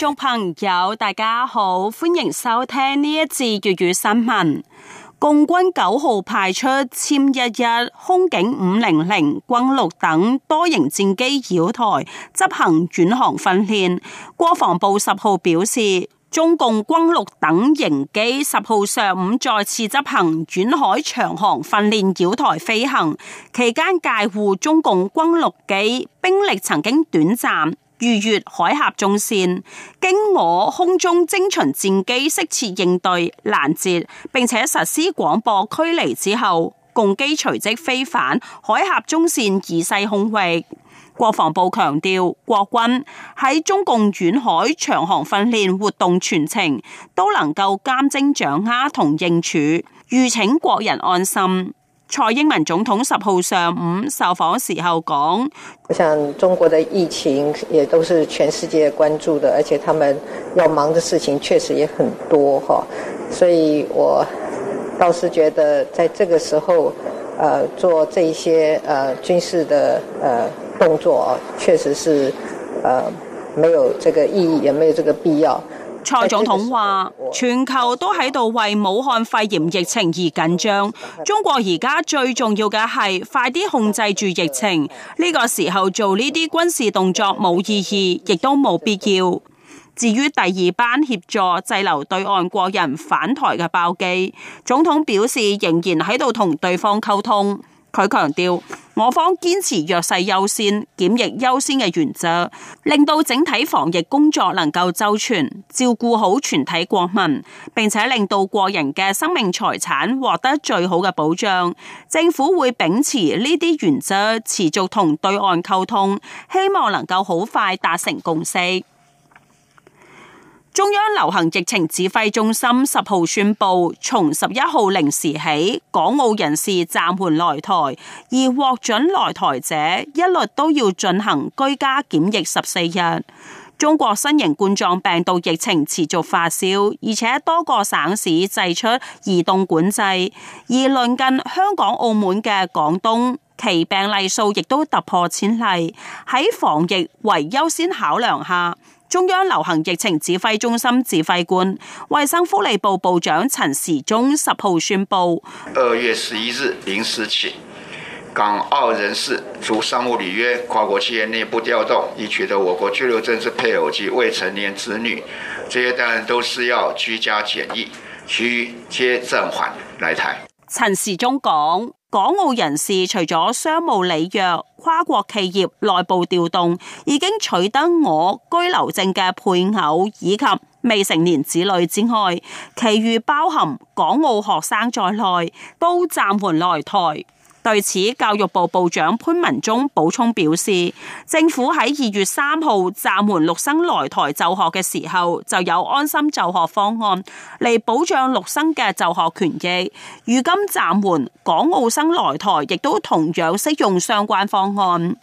聽眾朋友，大家好，歡迎收聽呢一節粵語新聞。共軍九號派出殲一一、空警五零零、轟六等多型戰機繞台執行遠航訓練。國防部十號表示，中共轟六等型機十號上午再次執行遠海長航訓練繞台飛行，期間介乎中共轟六幾兵力曾經短暫。逾越海峽中線，經我空中精巡戰機適切應對攔截，並且實施廣播驅離之後，共機隨即飛返海峽中線以西空域。國防部強調，國軍喺中共遠海長航訓練活動全程都能夠監偵掌握同應處，預請國人安心。蔡英文總統十號上午受訪時候講：我想中國的疫情也都是全世界關注的，而且他們要忙的事情確實也很多，所以我倒是覺得在這個時候，呃、做這些呃軍事的呃動作啊，確實是呃沒有這個意義，也沒有這個必要。蔡總統話。全球都喺度為武漢肺炎疫情而緊張，中國而家最重要嘅係快啲控制住疫情。呢個時候做呢啲軍事動作冇意義，亦都冇必要。至於第二班協助滯留對岸國人返台嘅包機，總統表示仍然喺度同對方溝通。佢強調，我方堅持弱勢優先、檢疫優先嘅原則，令到整體防疫工作能夠周全，照顧好全體國民，並且令到個人嘅生命財產獲得最好嘅保障。政府會秉持呢啲原則，持續同對岸溝通，希望能夠好快達成共識。中央流行疫情指揮中心十號宣布，從十一號零時起，港澳人士暫緩來台，而獲准來台者一律都要進行居家檢疫十四日。中國新型冠狀病毒疫情持續發燒，而且多個省市祭出移動管制，而鄰近香港澳門嘅廣東，其病例數亦都突破千例。喺防疫為優先考量下，中央流行疫情指揮中心指揮官、衛生福利部部，部長陳時中十號宣布：二月十一日零時起，港澳人士如商務履約、跨國企業內部調動，以及得我國居留政治配偶及未成年子女，這些當然都是要居家檢疫，其餘皆暫緩來台。陳時中講。港澳人士除咗商務履約、跨國企業內部調動，已經取得我居留證嘅配偶以及未成年子女之外，其餘包含港澳學生在內，都暫緩來台。對此，教育部部長潘文忠補充表示，政府喺二月三號暫緩陸生來台就學嘅時候，就有安心就學方案嚟保障陸生嘅就學權益。如今暫緩港澳生來台，亦都同樣適用相關方案。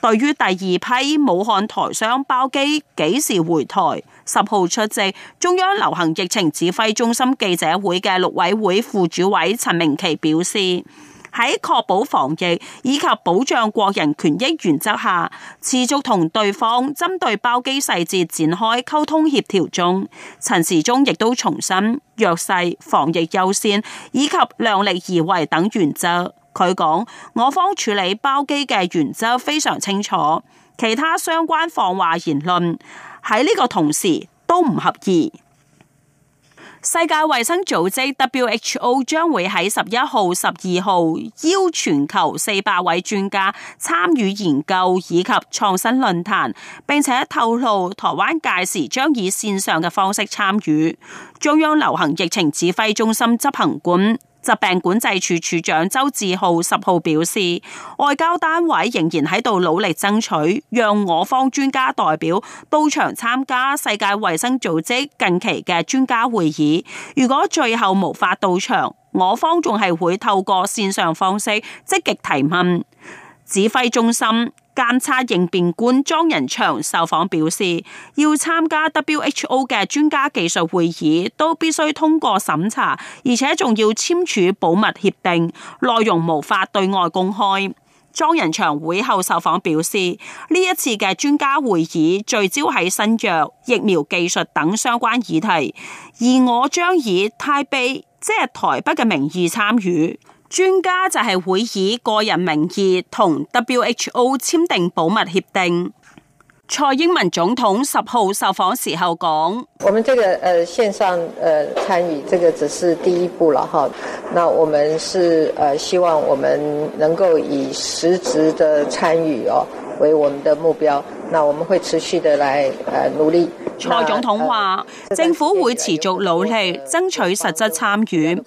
對於第二批武漢台商包機幾時回台，十號出席中央流行疫情指揮中心記者會嘅陸委會副主委陳明琪表示。喺確保防疫以及保障國人權益原則下，持續同對方針對包機細節展開溝通協調中。陳時中亦都重申弱勢防疫優先以及量力而為等原則。佢講：我方處理包機嘅原則非常清楚，其他相關放話言論喺呢個同時都唔合意。」世界衛生組織 WHO 將會喺十一號、十二號，邀全球四百位專家參與研究以及創新論壇，並且透露台灣屆時將以線上嘅方式參與中央流行疫情指揮中心執行官。疾病管制署署長周志浩十號表示，外交單位仍然喺度努力爭取，讓我方專家代表到場參加世界衛生組織近期嘅專家會議。如果最後無法到場，我方仲係會透過線上方式積極提問。指揮中心。監察應變官莊仁祥受訪表示，要參加 WHO 嘅專家技術會議，都必須通過審查，而且仲要簽署保密協定，內容無法對外公開。莊仁祥會後受訪表示，呢一次嘅專家會議聚焦喺新藥、疫苗技術等相關議題，而我將以 Taipei 即係、就是、台北嘅名義參與。參與專家就係會以個人名義同 WHO 簽訂保密協定。蔡英文總統十號受訪時候講：我們這個誒線上誒參與，這個只是第一步啦，哈。那我們是誒希望我們能夠以實質的參與哦為我們的目標。那我們會持續的來努力。蔡總統話：政府會持續努力，爭取實質參與。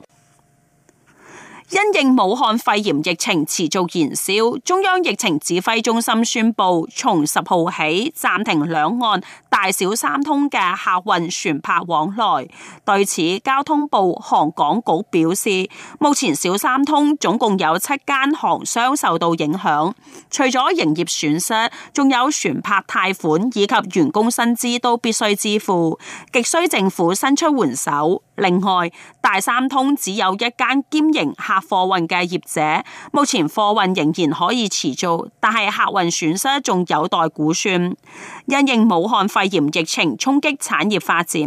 因應武漢肺炎疫情持續延燒，中央疫情指揮中心宣布，從十號起暫停兩岸大小三通嘅客運船舶往來。對此，交通部航港局表示，目前小三通總共有七間航商受到影響，除咗營業損失，仲有船舶貸款以及員工薪資都必須支付，極需政府伸出援手。另外，大三通只有一間兼營客。貨運嘅業者目前貨運仍然可以持續，但係客運損失仲有待估算。因應武漢肺炎疫情衝擊產業發展，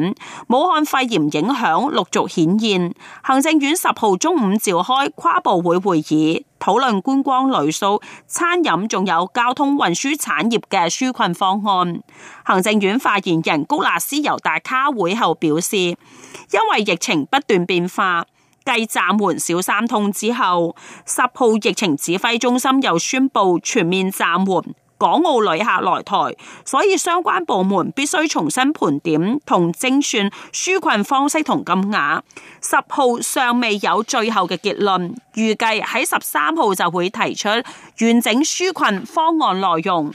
武漢肺炎影響陸續顯現。行政院十號中午召開跨部會會議，討論觀光、旅宿、餐飲仲有交通運輸產業嘅紓困方案。行政院發言人谷辣斯·尤達卡會後表示，因為疫情不斷變化。繼暫緩小三通之後，十號疫情指揮中心又宣布全面暫緩港澳旅客來台，所以相關部門必須重新盤點同精算紓困方式同金額。十號尚未有最後嘅結論，預計喺十三號就會提出完整紓困方案內容。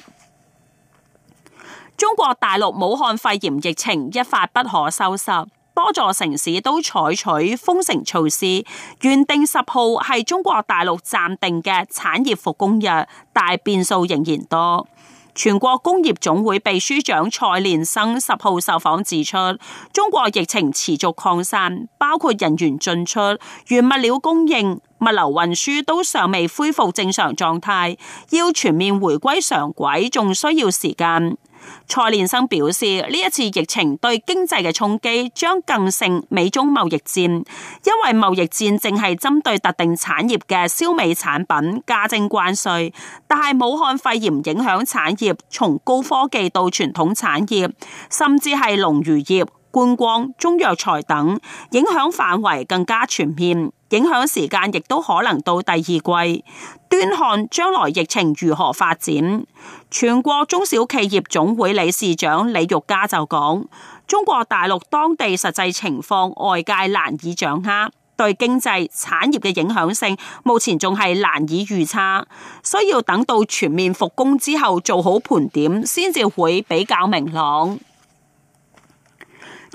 中國大陸武漢肺炎疫情一發不可收拾。多座城市都採取封城措施，原定十號係中國大陸暫定嘅產業復工日，但變數仍然多。全國工業總會秘書長蔡連生十號受訪指出，中國疫情持續擴散，包括人員進出、原物料供應、物流運輸都尚未恢復正常狀態，要全面回歸常軌仲需要時間。蔡連生表示，呢一次疫情對經濟嘅衝擊將更勝美中貿易戰，因為貿易戰淨係針對特定產業嘅輸美產品加徵關稅，但係武漢肺炎影響產業從高科技到傳統產業，甚至係農漁業、觀光、中藥材等，影響範圍更加全面。影響時間亦都可能到第二季，端看將來疫情如何發展。全國中小企業總會理事長李玉嘉就講，中國大陸當地實際情況外界難以掌握，對經濟產業嘅影響性目前仲係難以預測，需要等到全面復工之後做好盤點，先至會比較明朗。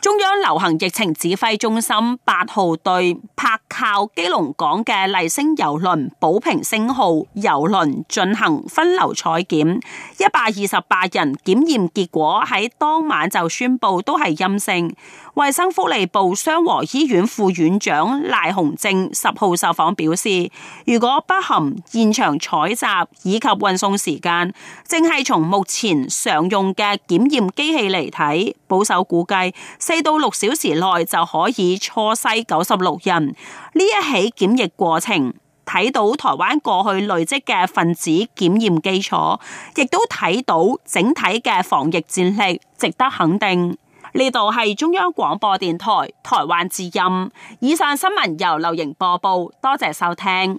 中央流行疫情指揮中心八號對泊靠基隆港嘅麗星郵輪寶瓶星號郵輪進行分流採檢，一百二十八人檢驗結果喺當晚就宣布都係陰性。衛生福利部雙和醫院副院長賴鴻政十號受訪表示，如果不含現場採集以及運送時間，淨係從目前常用嘅檢驗機器嚟睇，保守估計。四到六小時內就可以初篩九十六人。呢一起檢疫過程，睇到台灣過去累積嘅分子檢驗基礎，亦都睇到整體嘅防疫戰力，值得肯定。呢度係中央廣播電台台灣之音。以上新聞由劉瑩播報，多謝收聽。